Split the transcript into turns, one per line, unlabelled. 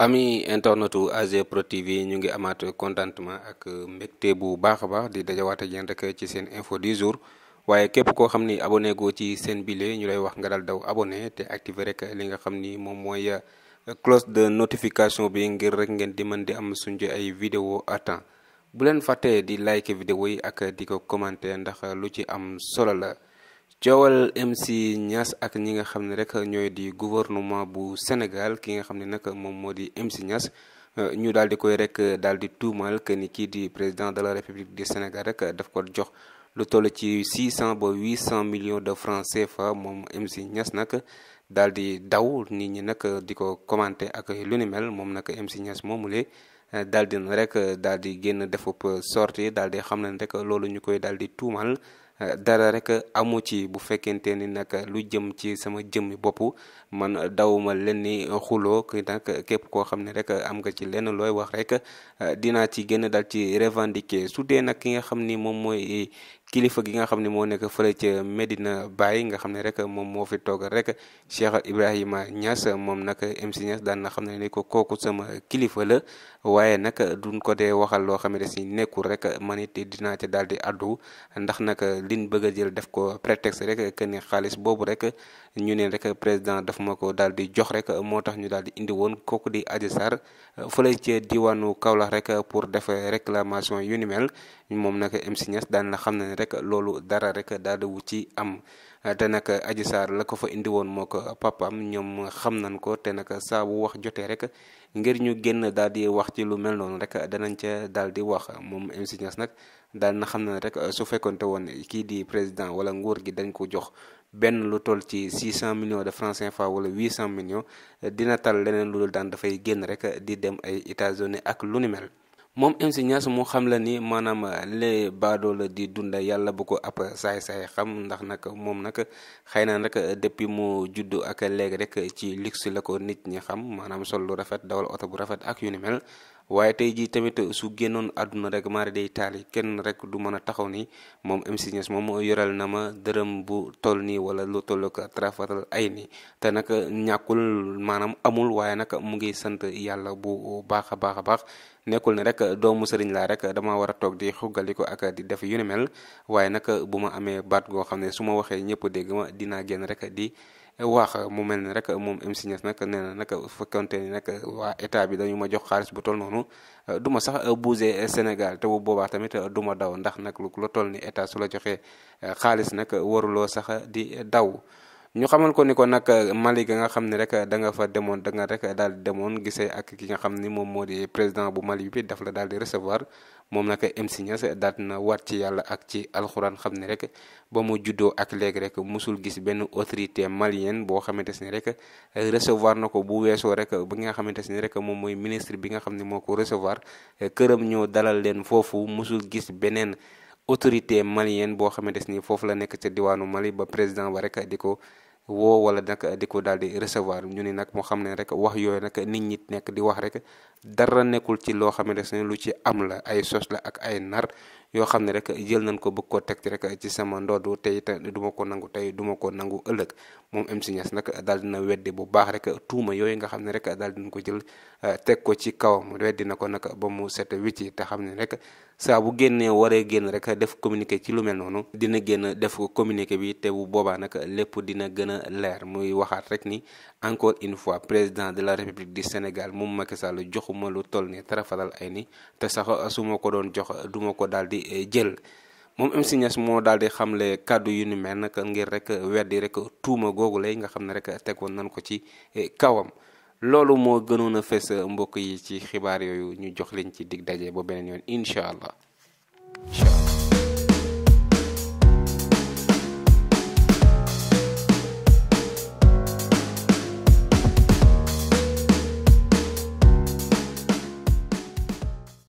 ami internetu AG Pro TV ñu ngi amaat contentement ak mbégte bu baax a baax di dajawaat ak yéen rek ci seen info du jours waaye képp koo xam ni abonné goo ci seen bile ñu lay wax nga daal daw abonné te activé rek li nga xam ni moom mooy cloche de notification bi ngir rek ngeen di mën di am suñu ay video à temps bu leen fàttee di like vidéo yi ak di ko commenter ndax lu ci am solo la. coowal MC ñas ak ñi nga xam ne rek ñooy di gouvernement bu Sénégal ki nga xam ne nag moom moo di MC Niass ñu daal di koy rek daal di tuumal que ni kii di président de la République du Sénégal rek daf ko jox lu toll ci cent ba cent millions de francs fa moom MC ñas nag daal di daw nit ñi nag di ko commenté ak lu ni mel moom nag MC Niass moomulee. daal di rek daal di génn defub sorti daal di xam ne rek loolu ñu koy daal di tuumal dara rek amu ci bu fekkente ni nag lu jëm ci sama jëmmi bopp man dawuma lenn ni xuloo ki nag képp koo xam ne rek am nga ci lenn looy wax rek dinaa ci gën dal ci revendiquer su dee nag ki nga xam ni moom mooy kilifa gi nga xam ne moo nekk fële ca Medina bàyyi nga xam ne rek moom moo fi toog rek Cheikh Ibrahima Niass moom nag MC Niass daan na xam ne ni ko kooku sama kilifa la waaye nag duñ ko dee waxal loo xam ne si nekkul rek man it dinaa ca daal di addu ndax nag liñ bëgg a jël def ko prétexte rek que ni xaalis boobu rek ñu ne rek président daf ko daal di jox rek moo tax ñu daal di indi woon kooku di Adji Sarr fële ca diwaanu Kaolack rek pour def réclamation yu ni mel moom na rek loolu dara rek daal di ci am te nag Adji Sarr la ko fa indi woon moo ko papam ñoom xam nañ ko te nag saa bu wax jotee rek ngir ñu génn daal di wax ci lu mel noonu rek danañ ca daal di wax moom MC nag daal na xam ne rek su fekkonte woon kii di président wala nguur gi dañ ko jox benn lu toll ci 600 millions de francs CFA wala 800 millions dina tal leneen lu daan dafay génn rek di dem ay États-Unis ak lu ni mel. moom MC Niass xam la ni maanaam les baadoo di dunda yàlla bu ko ab saay-saay ndax nag moom nag xëy na nag depuis mu juddu ak léegi rek ci luxe la ko nit ñi xam maanaam sol lu rafet dawal oto bu rafet ak yu ni mel waaye tey jii tamit su génnoon àdduna rek mari day taali kenn rek du mën a taxaw ni moom MC Niass moom yoral na ma dërëm bu toll nii wala lu toll ko trafatal ay ni te nag ñàkkul maanaam amul waaye nag mu ngi sant yàlla bu baax a baax a baax nekkul ne rek doomu sëriñ laa rek dama war a toog di xuggaliko ak di def yu ni mel waaye nag bu ma amee baat goo xam ne su ma waxee ñëpp dégg ma dinaa génn rek di wax mu mel ne rek moom MC Niass nag nee na nag fekkonte ni nag waa état bi dañu ma jox xaalis bu toll noonu duma ma sax bougé Sénégal te bu boobaa tamit duma daw ndax nag lu toll ni état su la joxee xaalis nag waruloo sax di daw ñu xamal ko ni ko nag Mali ga nga xam ne rek da nga fa demoon da nga rek daal di demoon gisee ak ki nga xam ni moom moo di président bu Mali bi daf la daal di moom nag MC Niass daal na waat ci yàlla ak ci alxuraan xam ne rek ba mu juddoo ak léegi rek musul gis benn autorité malienne boo xamante ni rek recevoir na ko bu weesoo rek bu nga xamante ne rek moom mooy ministre bi nga xam ni moo ko recevoir këram ñëw dalal leen foofu mosul gis beneen. autorité malienne boo xamante ni foofu la nekk ca diwaanu Mali ba président ba rek di ko woo wala nag di ko daal di recevoir ñu ni nag moo xam ne rek wax yooyu nag nit ñi nekk di wax rek dara nekkul ci loo xamante ne lu ci am la ay sos ak ay nar yoo xam ne rek jël nañ ko bëgg koo teg rek ci sama ndoddu tey te du ma ko nangu tey du ma nangu ëllëg moom MC Niass nag daal dina weddi bu baax rek tuuma yooyu nga xam ne rek daal dina ko jël eh, teg ko ci kawam weddi ko nag ba mu set wicc te xam ne rek saa bu génnee waree génn rek def communiqué ci lu mel noonu dina génn def communiqué bi te bu boobaa nag lépp dina gën a leer muy waxaat rek ni encore une fois président de la république du Sénégal moom Macky Sall joxuma lu toll ni tarafatal ay ni te sax su ma ko doon jox duma ko daal di jël moom MC moo daal di xamle kàddu yu ni mel nag ngir rek weddi rek tuuma googu lay nga xam ne rek tegoon nan ko ci kawam loolu moo gënoon a fës mbokk yi ci xibaar yooyu ñu jox leen ci dig daje boo beneen yoon incha allah.